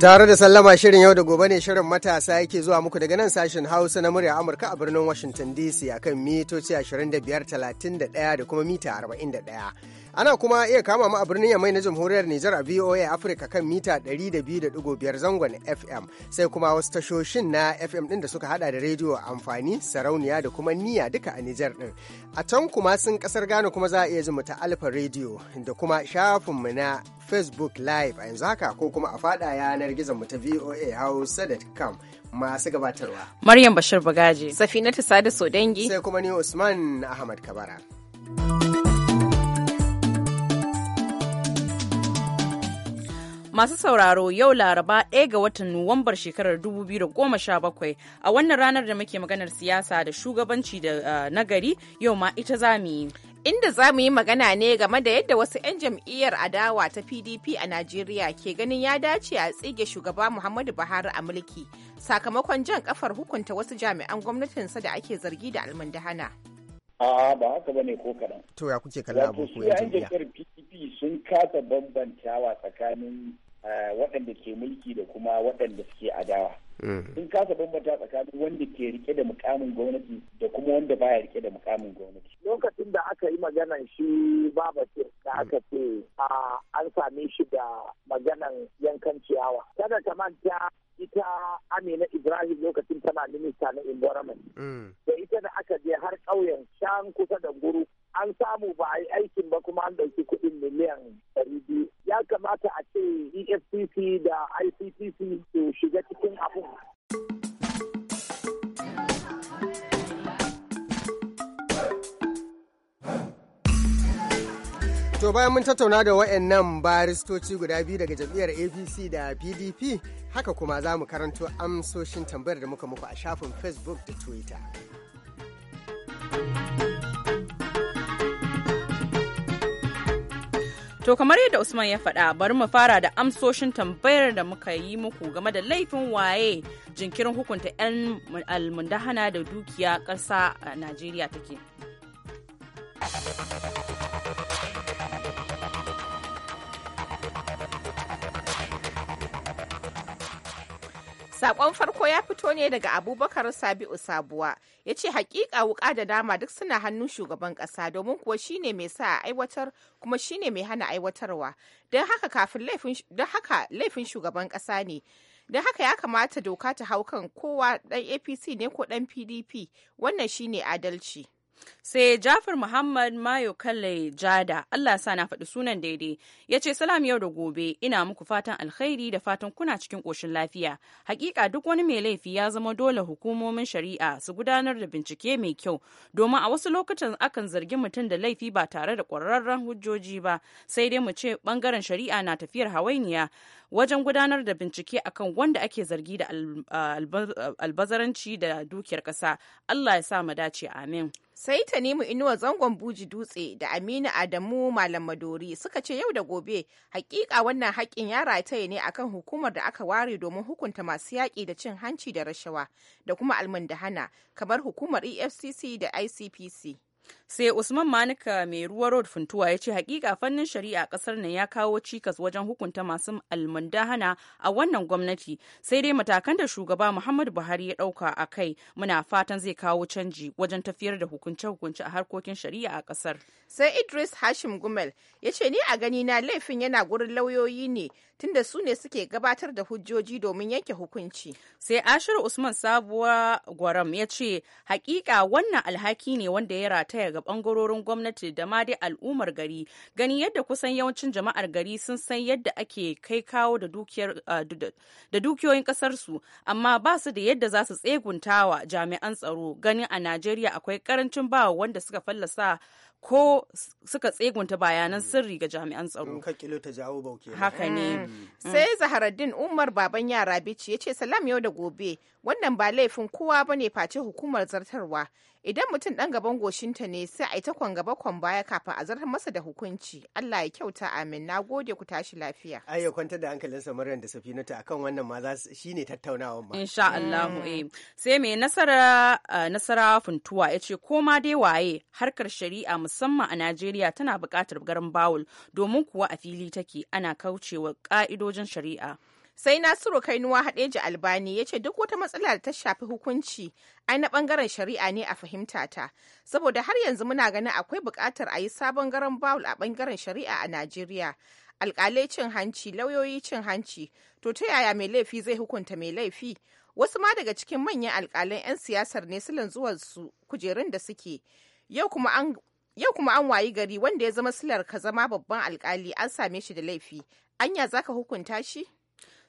Tare da sallama shirin yau da gobe ne shirin matasa yake zuwa muku daga nan sashen Hausa na murya Amurka a birnin Washington DC akan mitoci 2531 da kuma mita 41. Ana kuma iya kama mu a birnin Yamai na Jamhuriyar Nijar a VOA Africa kan mita 200.5 zangon FM sai kuma wasu tashoshin na FM din da suka hada da rediyo amfani sarauniya da kuma niya duka a Nijar din. A can kuma sun kasar Ghana kuma za a iya ji mu ta Alfa Radio da kuma shafin mu na facebook live a yanzu haka ko kuma a faɗa yanar gizon mu ta voa hausa.com masu gabatarwa maryam bashir bagaji safinatu sada sodangi sai kuma ni usman ahmad kabara Masu sauraro yau Laraba ɗaya ga watan Nuwambar shekarar 2017 a wannan ranar da muke maganar siyasa da shugabanci da eh, nagari yau ma ita za mu yi. inda za mu yi magana ne game da yadda wasu 'yan jam'iyyar adawa ta pdp a najeriya ke ganin ya dace a tsige shugaba muhammadu buhari a mulki sakamakon jan kafar hukunta wasu jami'an gwamnatinsa da ake zargi da almundahana a'a ba haka bane ko kaɗan to ya kuke kalla abu ko 'yan jam'iyyar pdp sun kasa bambantawa tsakanin Eh, waɗanda ke mulki da kuma waɗanda suke adawa mm. sun kasa bambanta tsakanin wanda ke rike da mukamin gwamnati da kuma wanda baya rike da mukamin gwamnati lokacin da aka yi maganan shi ce da aka mm. ce a an same shi da maganan yankan ciyawa kada ta manta ita Amina Ibrahim lokacin tana minista na environment. Mm. Da ita da aka je har ƙauyen can kusa da guru an samu ba a yi aikin ba kuma an ɗauki kuɗin miliyan ɗari biyu ya kamata a ce efcc da ictc su shiga cikin abun To bayan mun tattauna da waɗannan baristoci guda biyu daga jam'iyyar APC da PDP, haka kuma za mu karanto amsoshin tambayar da muka muku a shafin Facebook da Twitter. To kamar yadda Usman ya faɗa bari mu fara da amsoshin tambayar da muka yi muku game da laifin waye jinkirin hukunta 'yan almundahana da dukiya ƙasa a Najeriya take. Sakon farko ya fito ne daga Abubakar Sabi'u Sabuwa, ya ce hakika wuka da dama duk suna hannun shugaban kasa domin kuwa shine mai sa aiwatar kuma shine mai hana aiwatarwa. Don haka laifin shugaban kasa ne. Don haka ya kamata doka ta hau kan kowa dan APC ne ko dan PDP, wannan shine adalci. sai jafar muhammad mayo kalle jada allah sa na faɗi sunan daidai ya ce salam yau da gobe ina muku fatan alkhairi da fatan kuna cikin ƙoshin lafiya hakika duk wani mai laifi ya zama dole hukumomin shari'a su gudanar da bincike mai kyau domin a wasu lokutan akan zargi mutum da laifi ba tare da ƙwararren hujjoji ba sai dai mu ce ɓangaren shari'a na tafiyar hawainiya wajen gudanar da bincike akan wanda ake zargi da albazaranci da dukiyar ƙasa allah ya sa mu dace amin sai Tanimu Inuwa zangon buji dutse da Aminu Adamu Malam Madori suka ce yau da gobe hakika wannan haƙƙin ya rataye ne akan hukumar da aka ware domin hukunta masu yaƙi da cin hanci da rashawa da kuma almundahana kamar hukumar EFCC da ICPC. sai usman manuka mai ruwa road funtuwa ya ce hakika fannin shari'a kasar nan ya kawo cikas wajen hukunta masu almundahana a wannan gwamnati sai dai matakan da shugaba muhammadu buhari ya dauka a kai muna fatan zai kawo canji wajen tafiyar da hukunce-hukunce a harkokin shari'a a kasar sai idris hashim gumel ya ce ni a gani na laifin yana gurin lauyoyi ne tunda su ne suke gabatar da hujjoji domin yanke hukunci sai ashir usman sabuwa gwaram ya ce hakika wannan alhaki ne wanda ya rataya daga bangarorin gwamnati da ma dai al'ummar gari gani yadda kusan yawancin jama'ar gari sun san yadda ake kai kawo da dukiyoyin kasarsu amma ba su da yadda za su tseguntawa jami'an tsaro ganin a najeriya akwai karancin ba wanda suka fallasa ko suka tsegunta bayanan sirri ga jami'an tsaro. Ka kilo ta jawo bauke. Haka ne. Mm. Sai Zaharaddin Umar baban yara bici ya ce salam yau da gobe wannan ba laifin kowa ba ne face hukumar zartarwa idan mutum ɗan gaban goshinta ne sai a yi ta kwan gaba kwan baya kafin a zartar masa da hukunci allah ya kyauta amin na gode ku tashi lafiya ai ya kwanta da hankalin samarin da safinatu akan wannan ma za shi ne ma insha mm. allah eh sai mai nasara nasara funtuwa ya ce koma dai waye harkar shari'a musamman a najeriya tana bukatar garin bawul domin kuwa a fili take ana kaucewa ƙa'idojin shari'a sai nasiru kainuwa haɗeji albani ya ce duk wata matsala da ta shafi hukunci ai na ɓangaren shari'a ne a fahimta ta saboda har yanzu muna ganin akwai buƙatar a yi sabon garan bawul a ɓangaren shari'a a najeriya alƙalai cin hanci lauyoyi cin hanci to ta yaya mai laifi zai hukunta mai laifi wasu ma daga cikin manyan alƙalan 'yan siyasar ne silin zuwa su, kujerun da suke yau kuma an yau kuma an wayi gari wanda ya zama silar ka zama babban alkali an same shi da laifi anya zaka hukunta shi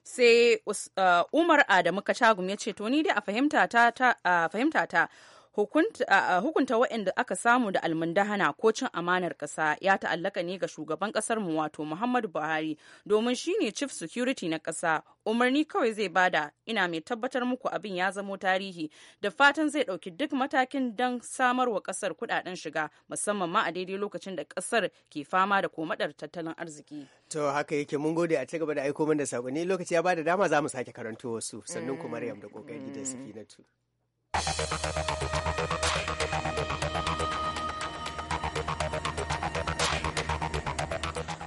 sai uh, umar adamu kachagum ya ce to ni dai a fahimta ta hukunta waɗanda aka samu da almundahana ko cin amanar ƙasa ya ta'allaka ne ga shugaban ƙasar mu wato Muhammadu Buhari domin shi ne chief security na ƙasa umarni kawai zai bada ina mai tabbatar muku abin ya zamo tarihi da fatan zai ɗauki duk matakin don samarwa wa ƙasar kuɗaɗen shiga musamman ma a daidai lokacin da ƙasar ke fama da komadar tattalin arziki. To haka yake mun gode a cigaba da aiko min da saƙonni lokaci ya bada dama za mu sake karanto wasu sannan kuma mm. Maryam da ƙoƙari da tu.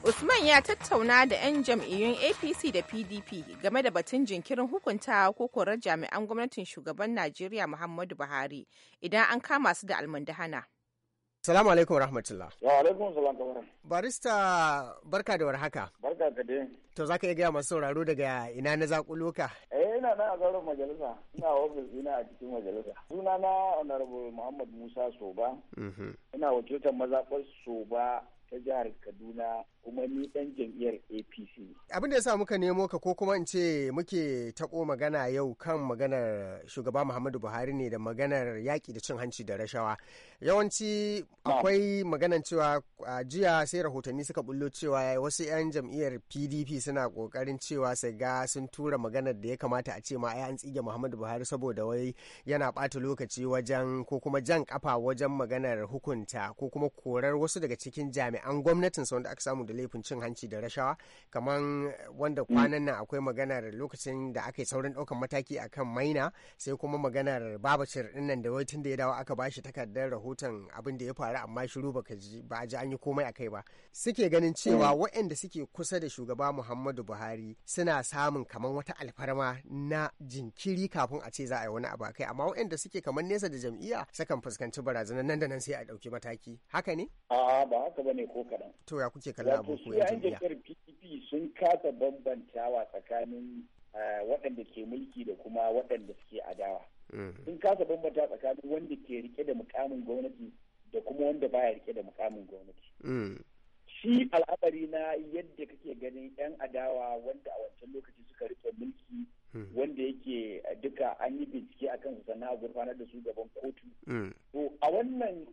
Usman ya tattauna da 'yan jam'iyyun APC da PDP game da batun jinkirin hukuntawa ko korar jami'an gwamnatin shugaban Najeriya Muhammadu Buhari idan an kama su da almundahana. Salamu alaikum rahmatullah. Wa alaikum salam kamar. Barista barka da warhaka. Barka ka dai. To za ka iya gaya masu sauraro daga ina na zakulo Eh ina na a zauren majalisa. Ina ofis ina a cikin majalisa. Suna na Honorable Muhammad Musa Soba. Mhm. Ina wakiltar mazaɓar Soba ta jihar Kaduna kuma ni dan jam'iyyar APC Abin da ya sa muka nemo ka ko kuma in ce muke taɓo magana yau kan maganar shugaba Muhammadu Buhari ne da maganar yaƙi da cin hanci da rashawa. Yawanci akwai maganar cewa a jiya sai rahotanni suka bullo cewa wasu 'yan jam'iyyar PDP suna kokarin cewa sai ga sun tura maganar da ya kamata a ce ma ai an tsige Muhammadu Buhari saboda wai yana bata lokaci wajen ko kuma jan kafa wajen maganar hukunta ko kuma korar wasu daga cikin jami'ai jami'an gwamnatin wanda aka samu da laifin cin hanci da rashawa kamar wanda kwanan nan akwai maganar lokacin da aka yi saurin ɗaukan mataki akan maina sai kuma maganar babacir ɗin nan da wai tun da ya dawo aka bashi takardar rahoton abin da ya faru amma shiru baka ji ba a ji an yi komai akai ba suke ganin cewa waɗanda suke kusa da shugaba Muhammadu Buhari suna samun kamar wata alfarma na jinkiri kafin a ce za a yi wani abu kai amma waɗanda suke kamar nesa da jam'iyya sukan fuskanci barazanar nan da nan sai a ɗauki mataki haka ne? A'a ba haka bane ne ko kaɗan. To ya kuke kalla abu ko jam'iyya? Wato PDP sun kasa bambantawa tsakanin eh, waɗanda ke mulki da kuma waɗanda suke adawa. Mm. Sun kasa bambanta tsakanin wanda ke rike da mukamin gwamnati da kuma wanda baya rike da mukamin gwamnati. Mm. Shi al'amari na yadda kake ganin 'yan adawa wanda a wancan lokaci suka rike mulki mm. wanda yake eh, duka an yi bincike akan su sannan gurfanar da su gaban kotu. To a wannan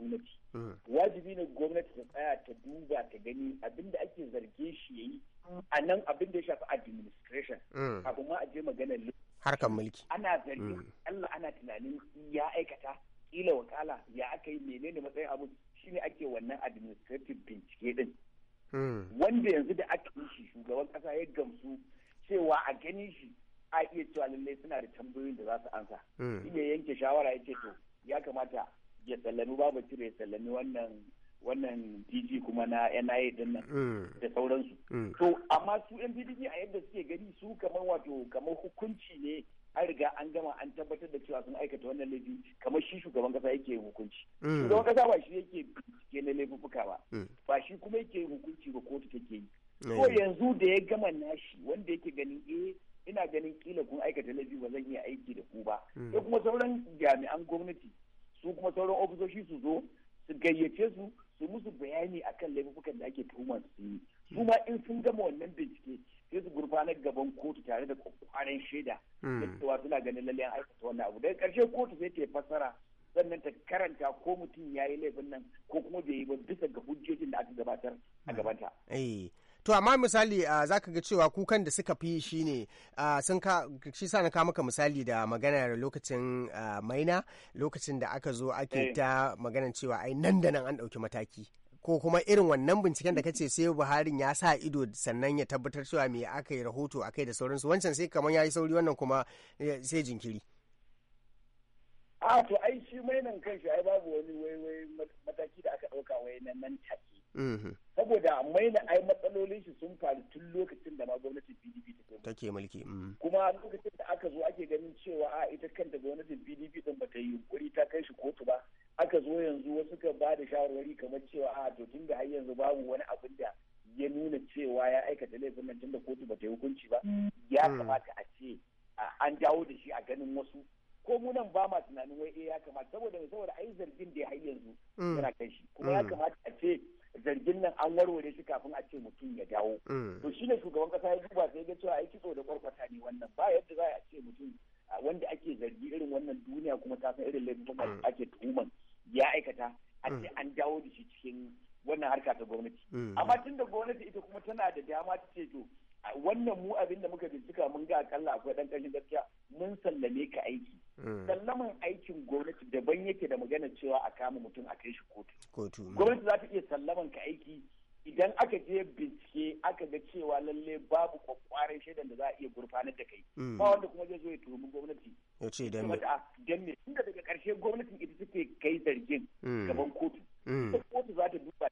gwamnati eh. wajibi ne gwamnati ta tsaya ta duba ta gani abinda ake zarge shi yayi a nan abin da ya shafi administration eh. abu ma a je maganar harkar mulki ana zargin hmm. sallami wannan wannan DG kuma na NIA din nan mm. da sauransu. Mm. To amma su yan PDP a yadda suke gani su kamar wato kamar hukunci ne an riga an gama an tabbatar da cewa sun aikata wannan laifi kamar shi shugaban kasa yake yin hukunci. Mm. Shugaban kasa ba shi yake bincike na laifuffuka ba. Ba shi kuma yake yin hukunci ba kotu take yi. Ko yanzu da ya gama nashi wanda yake ganin e eh, ina ganin kila kun aikata laifi ba zan iya aiki da ku ba. Sai kuma sauran jami'an gwamnati su kuma sauran ofisoshi su zo gayyace su su musu bayani akan laifukan da ake tuhuma su yi su ma in sun gama wannan bincike sai su gurfanar gaban kotu tare da kwanan shaida hmm. cewa suna ganin lalle an aikata wannan abu daga karshe kotu sai ta fassara sannan ta karanta ko mutum ya yi laifin nan ko kuma bai yi ba bisa ga hujjojin da aka gabatar a hmm. gabanta eh. to amma misali za ka ga cewa kukan da suka fi shi ne sun ka shi sa na maka misali da maganar lokacin maina lokacin da aka zo ake eh. ta maganar cewa ai nan da nan an ɗauki mataki ko kuma irin wannan binciken da kace sai buharin ya sa ido sannan ya tabbatar cewa me aka yi rahoto akai da sauransu wancan sai kamar ya yi sauri wannan kuma e, sai jinkiri a to ai shi nan kanshi ai babu wani wai wai mataki da aka ɗauka wai nan nan take mm-hmm. ake mulki mm. kuma lokacin da aka zo ake ganin cewa a ah, ita kanta gwamnatin pdp din ba ta yi ne ka aiki mm. sallaman aikin gwamnati daban yake da magana cewa a kama mutum a kai shi kotu mm. gwamnati za ta iya sallaman ka aiki idan aka je bincike aka ga cewa lalle babu kwakwaran shaidan da za a iya gurfanar da kai mm. ba wanda kuma zai zo ya tuhumi gwamnati ya ce dan me tunda daga karshe gwamnati ita take kai zargin gaban kotu kotu za ta duba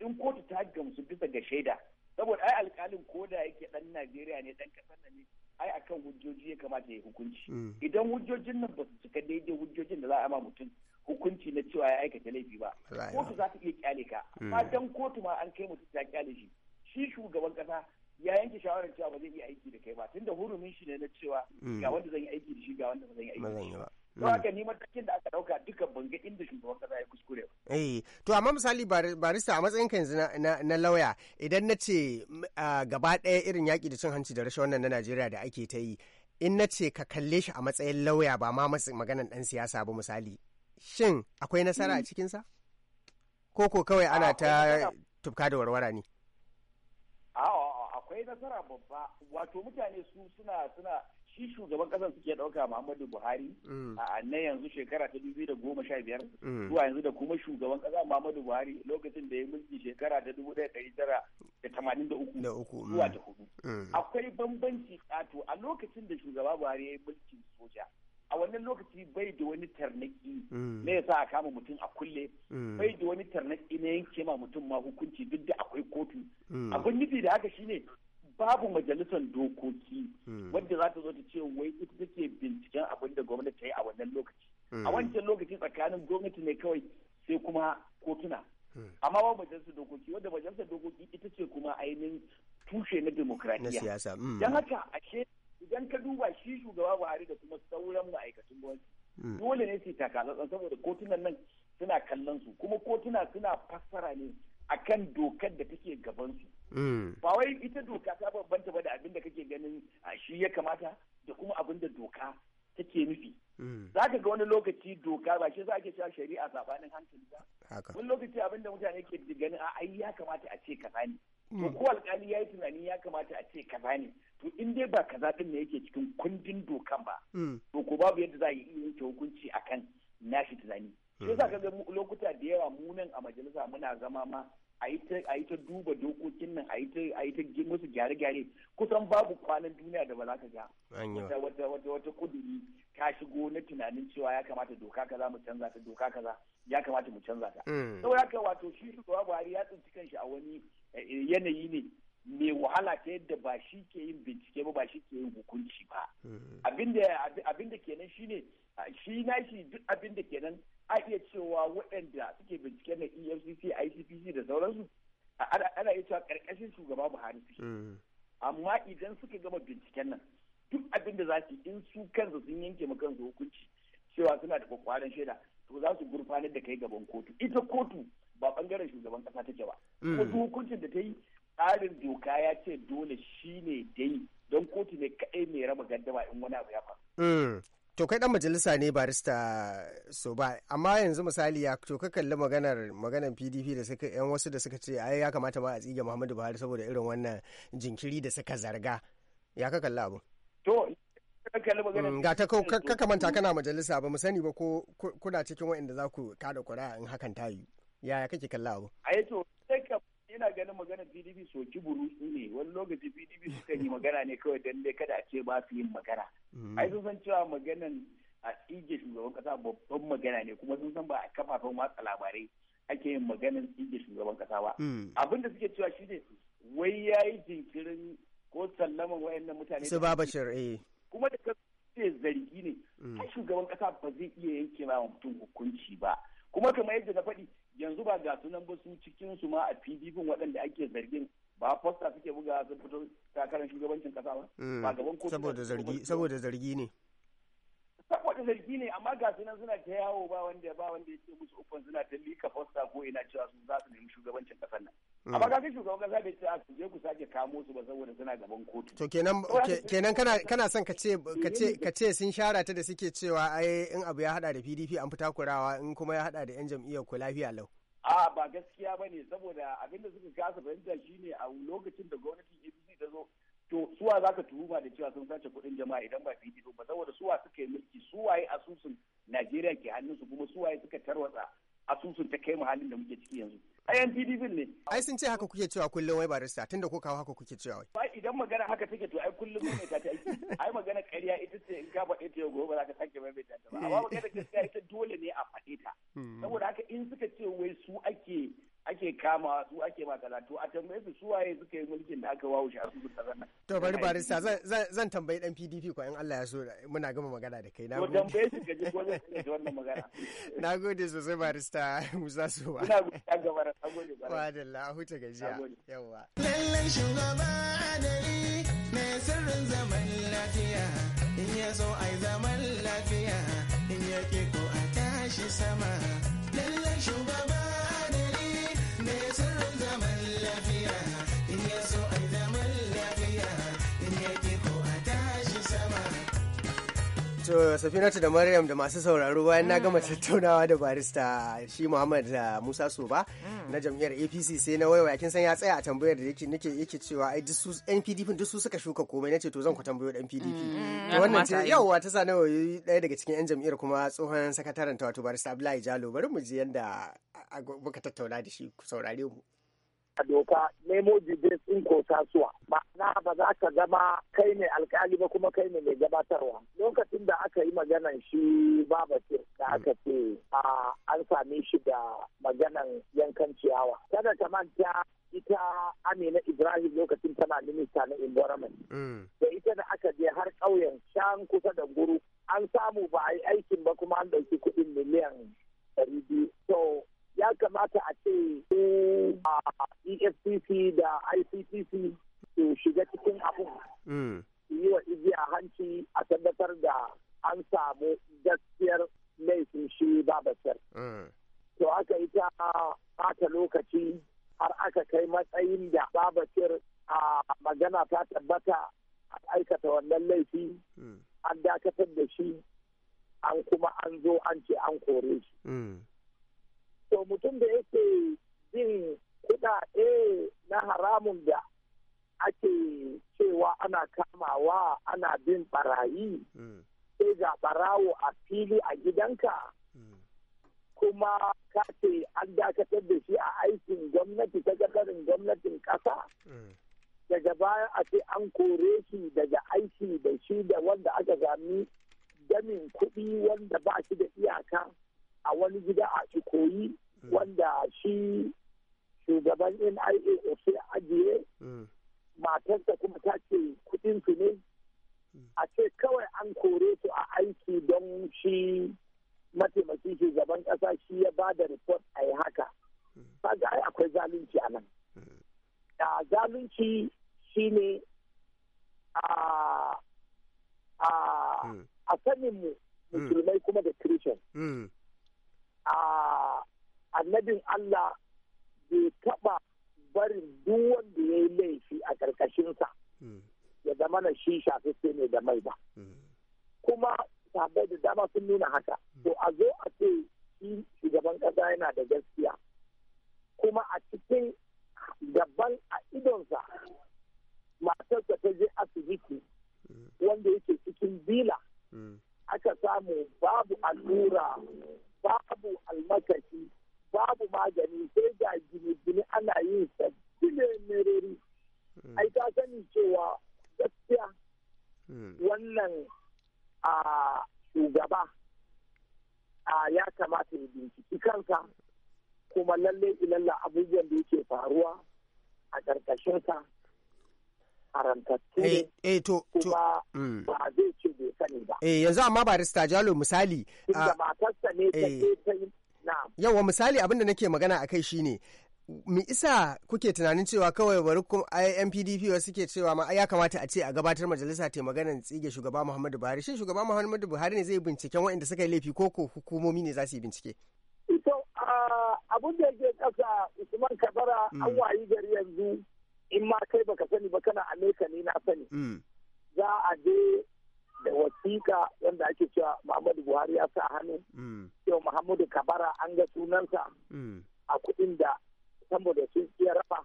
in kotu ta gamsu bisa ga shaida saboda ai alkalin koda yake dan Najeriya ne dan kasar ne ai akan hujjoji ya kamata ya hukunci mm. idan hujjojin nan ba su cika daidai hujjojin da za a ma mutum hukunci na cewa ya aikata laifi ba kotu za ta iya kyale ka mm. amma dan kotu ma an kai mutum ta kyale shi shi shugaban kasa ya yanke shawarar cewa ba zai iya aiki da kai ba tunda hurumin shi ne na cewa mm. ga wanda zan yi aiki da shi ga wanda ba zan yi aiki da shi ba don mm. haka ni matakin da aka dauka dukkan bangin inda shugaban kasa ya kuskure ba eh to amma misali barista a matsayin yanzu na lauya idan na ce mm, gaba ɗaya irin yaƙi da cin hanci da rashin wannan na Najeriya da ake ta yi in na ce ka kalle shi a matsayin lauya ba ma maganan ɗan siyasa ba misali shin akwai nasara a mm. cikinsa ko ko kawai ana ta tufka da warwara ne akwai nasara babba wato mutane su suna suna shi shugaban kasar suke dauka Muhammadu Buhari mm. a na yanzu shekara ta 2015 da mm. zuwa yanzu da kuma shugaban kasa Muhammadu Buhari lokacin da ya mulki shekara ta 1983 mm. zuwa ta hudu. Akwai bambanci tsato a lokacin da shugaba Buhari ya yi mulkin soja. a wannan lokaci bai da wani tarnaki na ya sa a kama mutum a kulle bai da wani tarnaki na yanke ma mutum ma hukunci duk da akwai kotu abin nufi da haka shine babu majalisar dokoki hmm. wadda za ta zo ta ce wai ita take binciken abin da gwamnati ta yi a wannan lokaci a hmm. wancan lokaci tsakanin gwamnati ne kawai sai kuma kotuna hmm. amma babu majalisar dokoki wadda majalisar dokoki ita ce kuma ainihin tushe na demokradiyya don haka ashe idan ka duba shi shugaba buhari da kuma sauran ma'aikatan gwamnati dole ne su takatsantsan saboda kotunan nan suna kallon su kuma kotuna suna fassara ne akan dokar da take gaban su Mm. ba wai ita doka ta bambanta ba da abin da kake ganin shi ya kamata da kuma abin da doka take nufi mm. za ka ga wani lokaci doka ba shi za ake cewa shari'a sabanin hankali ba wani lokaci abin da mutane ke ganin a ai ya kamata a ce kaza ne to mm. ko alƙali ya yi tunani ya kamata a ce kaza ne to in dai ba kaza din ne yake cikin kundin dokan ba to ko babu yadda za a yi yanke hukunci akan nashi tunani sai za ka ga lokuta da yawa mu nan a majalisa muna zama ma a yi ta duba dokokin nan a yi ta musu gyare-gyare kusan babu kwanan duniya da ba za ka ga wata wata wata kuduri ta shigo na tunanin cewa ya kamata doka kaza mu canza ta doka kaza ya kamata mu canza ta ya mm. kai wato shi shugaba Buhari ya tsinci kanshi a wani eh, eh, yanayi ne mai wahala ta yadda ba shi ke yin bincike ba ba shi ke yin hukunci ba mm. abinda abinda kenan shine shi na shi duk abinda kenan a iya cewa waɗanda suke bincike na efcc icpc da sauransu ana iya cewa ƙarƙashin shugaba buhari suke mm. amma idan suka gama binciken nan duk abin da za su in su kansu sun yanke ma kansu hukunci cewa suna da kwakwaran shaida to za su gurfanar da kai gaban kotu ita kotu ba bangaren shugaban kasa take ba mm. kotu hukuncin da ta yi tsarin doka ya ce dole shi ne dai don kotu ne kaɗai mai raba gaddama in wani abu ya faru mm. to kai dan majalisa ne barista so ba amma yanzu misali ya to ka kalli maganar maganar PDP da suka yan wasu da suka ce ai ya kamata ma a tsige Muhammadu Buhari saboda irin wannan jinkiri da suka zarga ya ka kalli abu to mm, ga ta ka manta kana majalisa ba mu sani ba ko kuna cikin waɗanda za ku kada kura in hakan ta yi yaya kake kalla abu ai to ganin magana PDP soki burutsu ne wani lokaci PDP suka yi magana ne kawai dan dai kada a ce ba su yin magana mm. ai sun san cewa maganan a tsige shugaban kasa babban magana ne kuma sun san ba a kafafen watsa labarai ake yin maganan tsige shugaban kasa ba mm. abin da suke cewa shine wai ya yi jinkirin ko sallaman wayannan mutane su Baba bashir eh kuma da kasance zargi ne mm. ai shugaban kasa ba zai iya yanke ba mutum hukunci ba kuma kamar yadda na faɗi yanzu ba ga sunan ba su cikin su ma a PDP waɗanda ake zargin ba fosta suke buga sun fito takarar shugabancin kasa ba mm. ba saboda zargi ne saboda zargi ne amma ga su nan suna ta yawo ba wanda ba wanda ya ce musu uffan suna ta lika fosta ko ina cewa su za su nemi shugabancin kasar nan hmm. amma kaga shugaban kasa bai ce a ah, su je ku sake kamo su ba saboda suna gaban kotu to kenan kenan kana kana son ka ce ka ce ka ce sun shara ta da suke cewa ai in abu ya hada da PDP an fita kurawa in kuma ya hada da yan jam'iyyar ku lafiya lau a ba gaskiya bane saboda abinda suka kasa fahimta shine a lokacin da gwamnatin APC ta zo to suwa za ka tuhuma da cewa sun sace kuɗin jama'a idan ba PDP ba saboda suwa suka yi mulki suwaye asusun Najeriya ke hannunsu kuma suwaye suka tarwatsa asusun ta kai halin da muke ciki yanzu. Ayan PDP ne. Ai sun ce haka kuke cewa kullum wai barista tunda ko kawo haka kuke cewa wai. idan magana haka take to ai kullum ne ta ta aiki. Ai magana ƙarya ita ce in ka faɗe ta yau gobe ba za ka sake mai ta ba. Amma magana gaskiya ita dole ne a faɗe ta. Hmm. Saboda haka in suka ce wai su ake ake kama su ake ba a tambaye su su waye suka yi mulkin da aka wawo shafi a su kasar to bari barista zan tambayi dan PDP ko in Allah ya so muna gama magana da kai na gode tambaye su kaji ko wannan magana na gode sosai barista Musa Suwa ina godiya ga na gode barista wa dalla huta gajiya yawa lallan shugaba adali mai sirrin zaman lafiya in ya so ai zaman lafiya in ya ke ko a tashi sama lallan shugaba To Safinatu da Maryam da masu sauraro bayan na gama mm. tattaunawa da barista shi Muhammad da eh, Musa Soba mm. na jam'iyyar APC sai na waiwa kin san ya tsaya a tambayar da yake nake yake cewa ai duk su NPDP duk su suka shuka komai nace to zan ku tambayo dan PDP. Mm. To wannan ce yawa ta sa nawa ɗaya daga cikin yan jam'iyyar kuma tsohon sakataren ta wato barista Abdullahi Jalo bari mu ji yanda muka tattauna da shi saurare mu. a doka nemo jibin ko tasuwa ma'ana ba za ka zama kai ne alkali ba kuma kai ne mai gabatarwa lokacin da aka yi maganan shi ce da hmm. aka ce an same shi da maganan yankan ciyawa kada ka manta ita amina ibrahim lokacin tana minista na environment hmm. da ita da aka je har ƙauyen shan kusa da guru an samu ba a yi aikin ba kuma an ɗauki kuɗin miliyan ɗari biyu ya kamata a ce a efcc da ictc su shiga cikin abin mm. yi wa igiya hanci a tabbatar da an samu gaskiyar laifin shi babasir mm. to aka yi ta ɓata lokaci har aka kai matsayin da babasir a magana ta tabbata a aikata wannan laifi mm. an dakatar da shi an kuma an zo an ce an kore shi to mutum da yake yin kuɗaɗe na haramun da ake cewa ana kamawa ana bin barayi mm. sai ga barawo a fili a gidanka mm. kuma ka ce an dakatar da shi a aikin gwamnati ta gadarin gwamnatin ƙasa mm. daga baya a ce an kore shi daga aiki da shi da wanda aka sami damin kuɗi wanda ba shi da iyaka a wani gida a koyi mm. wanda shi shugaban nia ofe ajiye mm. matarsa kuma ta ce kudin su ne mm. a ce kawai an kore su a aiki don shi mataimakin shugaban kasa shi ya ba da report a yi haka ga ai akwai zalunci a nan da zalunci shi ne a sanin mu musulmai kuma da christian a annabin Allah bai taɓa barin duk wanda ya yi laifi a ƙarƙashinsa hmm. ya zama na shi sai ne da mai ba. Hmm. Kuma sabo da dama sun nuna haka. Hmm. To a zo a ce shi shugaban ƙasa yana da gaskiya. Kuma a cikin gaban a idonsa matarsa ta je asibiti wanda yake cikin bila aka samu babu allura babu almakashi babu magani sai ga gine-gine ana yin sabbi ne merori hmm. ai ka sani cewa gaskiya hmm. wannan a shugaba a ya kamata ya binciki kanka kuma lalle ilalla abubuwan da yake faruwa a ƙarƙashinsa haramtattu ne eh, eh to mm. ba zai ce bai sani ba eh yanzu amma barista Jalo misali inda matarsa ne ta na. Eh. yawa misali abinda nake magana akai shine mi isa kuke tunanin cewa kawai bari NPDP wasu suke cewa ma ya kamata a ce a gabatar majalisa ta maganar tsige shugaba Muhammadu Buhari shin shugaba Muhammadu Buhari ne zai binciken waɗanda suka yi laifi ko ko hukumomi ne za su yi bincike ito ah, abun da yake kasa Usman Kabara an mm. wayi gari yanzu in ma kai baka sani ba kana amerika ne na sani mm. za a je da wasiƙa wanda ake cewa muhammadu buhari ya sa hannu mm. Yau muhammadu kabara an ga sunansa mm. a kuɗin da saboda sun iya rafa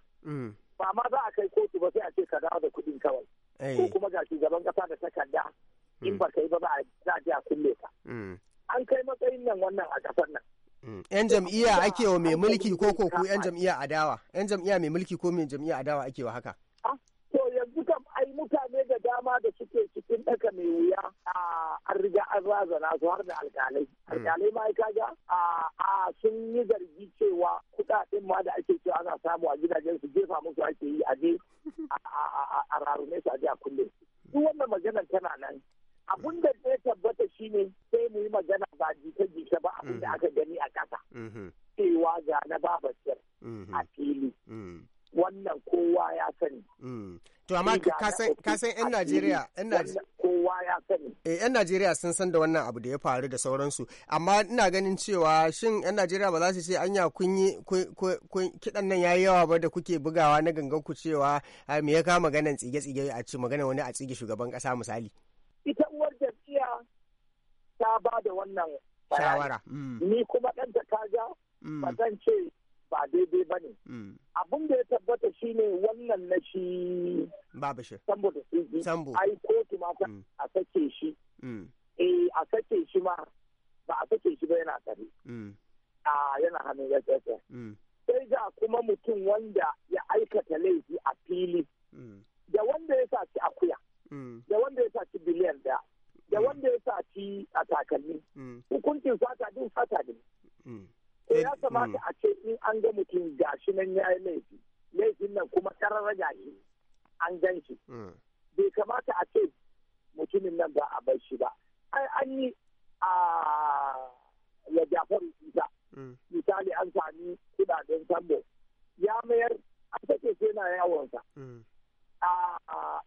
ba ma za a kai kotu ba sai a ce ka dawo da kuɗin kawai eh. ko kuma ga shugaban kasa da takarda in ba kai ba za a je a kulle ka an kai matsayin nan wannan a ƙasar nan 'yan jam'iyya ake wa mai mulki ko ko ku 'yan jam'iyya adawa 'yan jam'iyya mai mulki ko mai jam'iyya adawa ake wa haka ah, to yanzu kam ai mutane da dama da suke cikin ɗaka mai wuya an riga an razana su har da alkalai mm. alkalai ma kaga a sun yi zargi cewa kuɗaɗen ma da ake cewa ana samu a gidajen su jefa musu ake yi a je a rarume su a je a kulle duk wannan maganar tana nan abun da ya tabbata shine sai mu yi magana ba jita-jita ba abin da mm-hmm. aka gani a ƙasa mm-hmm. cewa ga na babatar mm-hmm. a fili wannan kowa ya sani to amma ka san yan najeriya yan eh, najeriya sun san da wannan abu da ya faru da sauransu amma ina ganin cewa shin yan najeriya ba za su ce anya kun yi kiɗan nan yayi yawa ba da kuke bugawa na gangan ku cewa ah, me ya kama maganan tsige-tsige a ci magana wani a tsige shugaban ƙasa misali ita uwar jam'iyya ta ba da wannan shawara mm. ni kuma ɗan ta kaga mm. ba zan ce ba daidai ba ne mm. abin da ya tabbata shine wannan na shi babu sambo da sirri sambo ai kotu ma a sake shi eh a sake shi ma ba a sake shi ba yana tsare a yana hannun yasasa sai ga kuma mutum wanda ya aikata laifi a fili da wanda ya sa Mm. da wanda ya saci biliyan da da mm. wanda ya saci a takalmi mm. hukuncin sata din sata ne to ya eh, kamata a ce in an ga mutum gashi nan ya yi laifi laifin nan kuma kararra gashi an gan shi bai kamata a ce mutumin nan ba a bar shi ba ai an yi a ya jafar ita misali an sami kudaden sambo ya mayar an sake sai na yawonsa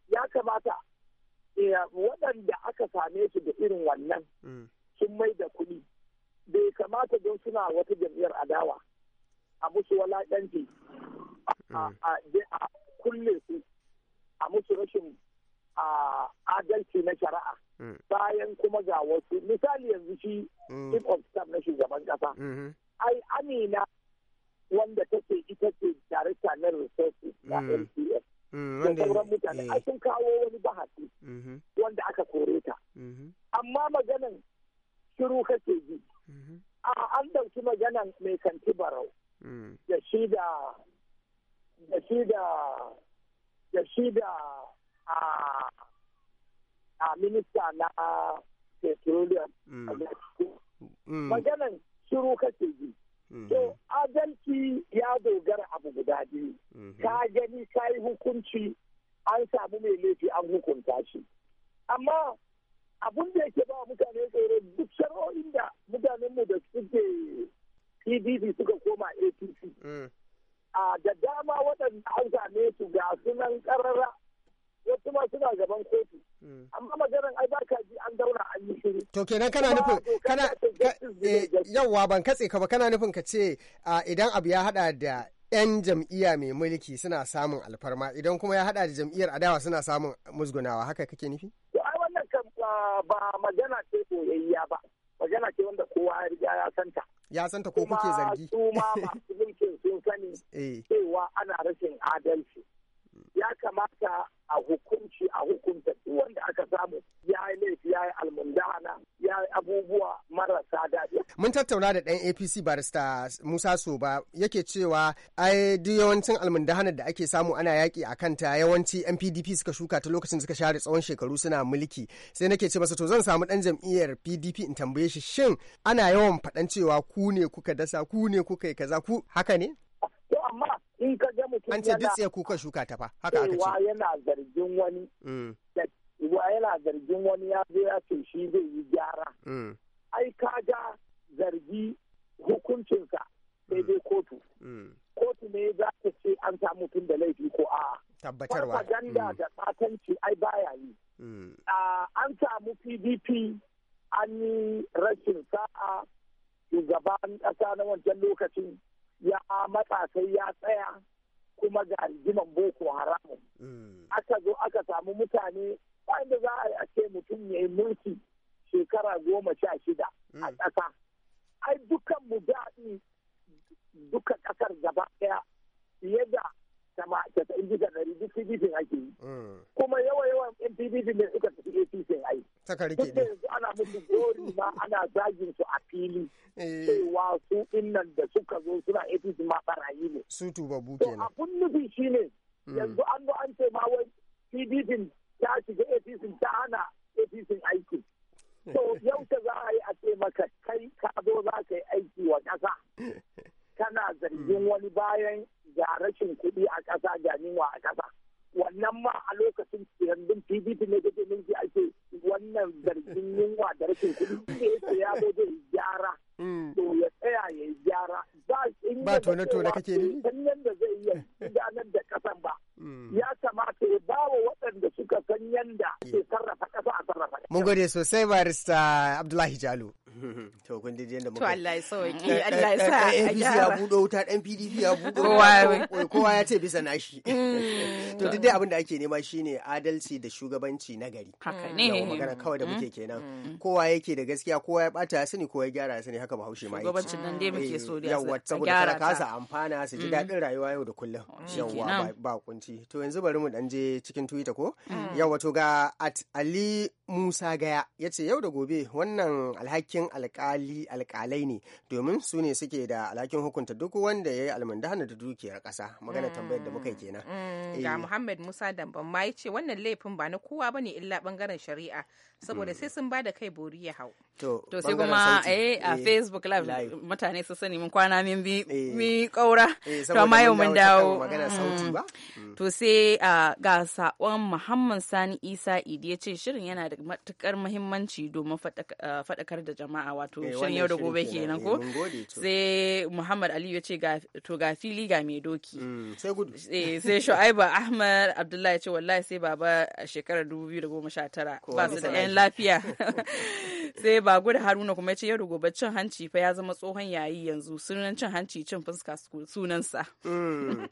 ya kamata waɗanda aka same su da irin wannan mm. sun mai da kuɗi bai kamata don suna wata jam'iyyar adawa a musu walaƙanci a mm. kulle su a musu rashin adalci na shari'a mm. bayan kuma ga wasu misali yanzu shi King of star na shugaban kasa mm-hmm. ai amina wanda take ita ce director na resources na lcs Mm, da sauran mutane eh. a sun kawo wani bahasi mm-hmm. wanda aka kore ta mm-hmm. amma maganan shiru kake ji mm-hmm. a an ɗauki maganan mai kanti barau mm. da shi da da shi da da shi da a minista na petroleum mm. maganan shiru kake ji Mm-hmm. To adalci ya dogara abu guda biyu. Mm-hmm. Ka gani ka yi hukunci an samu mai laifi an hukunta shi. Amma abun da yake ba mutane tsoro duk shar'o'in da mutanenmu da suke PDP suka koma APC. Mm. A da dama waɗanda an same su ga sunan ƙarara wasu ma suna gaban kotu. Mm. Amma maganar ai ba To kenan kana nufin kana eh, yawwa ban katse ka ba kana nufin ka ce idan abu ya hada da 'yan jam'iyya mai mulki suna samun alfarma idan kuma ya hada da jam'iyyar adawa suna samun musgunawa haka kake nufi? Ai wannan kan ba magana ce soyayya ba magana ce wanda kowa ya ya santa. Ya santa ko kuke zargi? Su ma masu mulki sun sani eh. cewa ana rashin adalci. Ya kamata a hukunci a hukunta duk wanda aka samu laifi ya yi almundahana ya yi abubuwa marasa daɗi. Mun tattauna da ɗan APC barista Musa Soba yake cewa ai duk yawancin almundahanar da ake samu ana yaƙi a kanta yawanci 'yan PDP suka shuka ta lokacin suka share tsawon shekaru suna mulki sai nake ce masa to zan samu ɗan jam'iyyar PDP in tambaye shi shin ana yawan faɗan cewa ku ne kuka dasa ku ne kuka yi kaza ku haka ne? To an ce duk sai kuka shuka ta fa haka aka ce. yana zargin wani mm. yana zargin wani ya zo ya ce shi zai yi gyara mm. ai ka kaga zargi hukuncinsa sai dai mm. kotu mm. kotu ne za ta ce an samu tun da laifi ko a tabbatarwa propaganda da batanci ai baya yi an samu pdp an yi rashin sa'a shugaban ƙasa na wancan lokacin ya matsa sai ya tsaya kuma ga rigiman boko haramun aka zo aka samu mutane ba da za a ce mutum ya yi mulki shekara goma sha shida a mm. ƙasa ai dukan mu daɗi duka ƙasar gaba ɗaya fiye da sama inji da ɗari duk pdp ake yi mm. kuma yawa yawan yan pdp ne suka tafi apc ai duk ne yanzu ana musu gori ma ana zagin su a fili eh. cewa su innan da suka zo suna apc ma barayi ne su tubabu ne to abun nufi shine mm. yanzu an zo an ce ma wai pdp ta shiga APC ta hana APC aiki. So yau ta za a yi a ce maka kai ka zo za ka yi aiki wa ƙasa. Kana zargin hmm. wani bayan ga rashin kuɗi a ƙasa ga wa a ƙasa. Wannan ma a lokacin tirandun PDP ne kake minti ake wannan zargin yunwa da rashin kuɗi. Inda ya zo zai gyara Mm. to ya tsaya ya gyara ba ba tone tone kake nufi san yanda zai iya gudanar da kasan ba mm. ya kamata ya ba wa waɗanda suka san yanda ke sarrafa kasa a sarrafa mun gode sosai barista Abdullahi Jalo to kun dai yanda muka to Allah ya sauki eh, eh, Allah ya eh, sa a gyara ya budo wuta dan PDP ya budo kowa kowa ya ce bisa nashi mm. to duk dai abin da ake nema shine adalci da shugabanci na gari haka ne magana kawai da muke kenan kowa yake da gaskiya kowa ya bata sani kowa ya gyara sani haka bahaushe ma shugabancin nan dai muke eh, so da yawa saboda ka amfana su ji mm. daɗin rayuwa yau da kullum oh, yawa ba kunci to yanzu bari mu dan je cikin twitter ko mm. yawa to ga at ali Musa Gaya ya ce yau da gobe wannan alhakin alkali alkalai ne domin su ne suke da alhakin hukunta duk wanda ya yi almundahana da dukiyar kasa magana tambayar da muka yi kenan. Mm, mm, ga eh. Muhammad Musa Damban ma ya ce wannan laifin ba na kowa ba ne illa bangaren shari'a saboda mm. sai sun ba da kai bori ya hau. To sai kuma eh, a eh, Facebook live mutane su sani mun kwana min bi mi kaura to amma yau mun dawo. To sai ah, ga sakon Muhammad Sani Isa Idi ya ce shirin yana da da matukar muhimmanci domin eh, faɗakar da jama'a wato eh, shirin yau da gobe kenan eh, ko sai muhammad aliyu ya ce to ga fili ga mai doki mm, sai shu'aiba ahmad abdullahi ya ce wallahi sai baba a shekarar 2019 ba su da 'yan lafiya sai ba gudu haruna kuma ce ya gobe cin hanci fa ya zama tsohon yayi yanzu sunan cin hanci cin fuska sunansa hmm.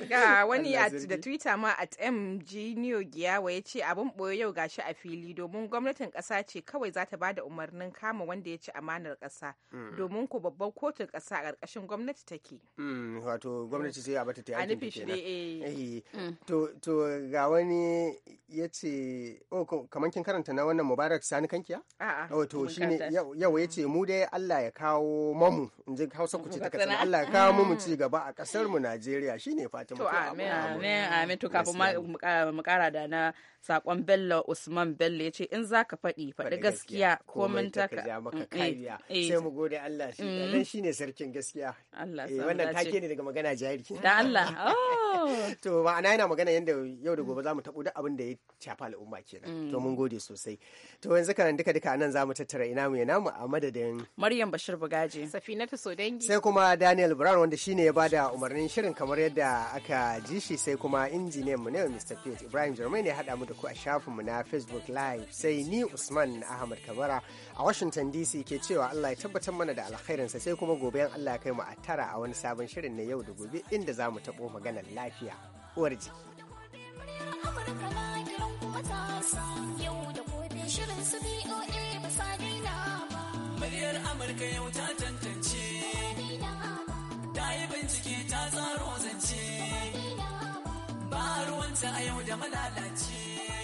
ga wani da twitter ma at new giyawa ya ce abin boye yau gashi a fili domin gwamnatin kasa ce kawai za ta bada umarnin kama wanda ya ci amanar kasa hmm. domin ku babban kotun kasa a ƙarƙashin gwamnati take hmm. wato gwamnati sai a bata ta aikin kenan eh. eh. to ga wani ya ce oh, kamar kin karanta na wannan mubarak sani kankiya a'a shi ne yau yace mu dai Allah ya kawo mamu in ji Hausa ku ce ta kasance Allah ya kawo mamu mm. ci gaba a kasar mu Najeriya shine fatan mu to amin amin amin to kafin mu kara da na sakon bello usman bello ya ce in za ka faɗi faɗi gaskiya komin ta ka ja maka mm, eh, kariya eh. sai mu gode Allah shi dan mm. shine sarkin gaskiya Allah eh, sai wannan take ne daga magana jari da Allah oh. to ma'ana yana magana yanda yau da gobe za mu taɓo duk abin da ya shafa al'umma kenan mm. to mun gode sosai to yanzu kana duka duka anan za mu tattara ina mu ina mu a madadin Maryam Bashir Bugaje Safinatu Sodangi sai kuma Daniel Brown wanda shine ya bada umarnin shirin kamar yadda aka ji shi sai kuma injiniyan mu ne Mr. Pete Ibrahim Jermaine ya hada mu da da ku a shafinmu na Facebook Live sai ni Usman Ahmad Kabara a Washington DC ke cewa Allah ya tabbatar mana da alkhairinsa sai kuma gobe yan Allah ya kai mu a tara a wani sabon shirin na yau da gobe inda za mu taɓo maganar lafiya uwar jiki. Muryar Amurka yau ta tantance, ta yi bincike ta tsaro zance. ruwanta a yau da malalaci.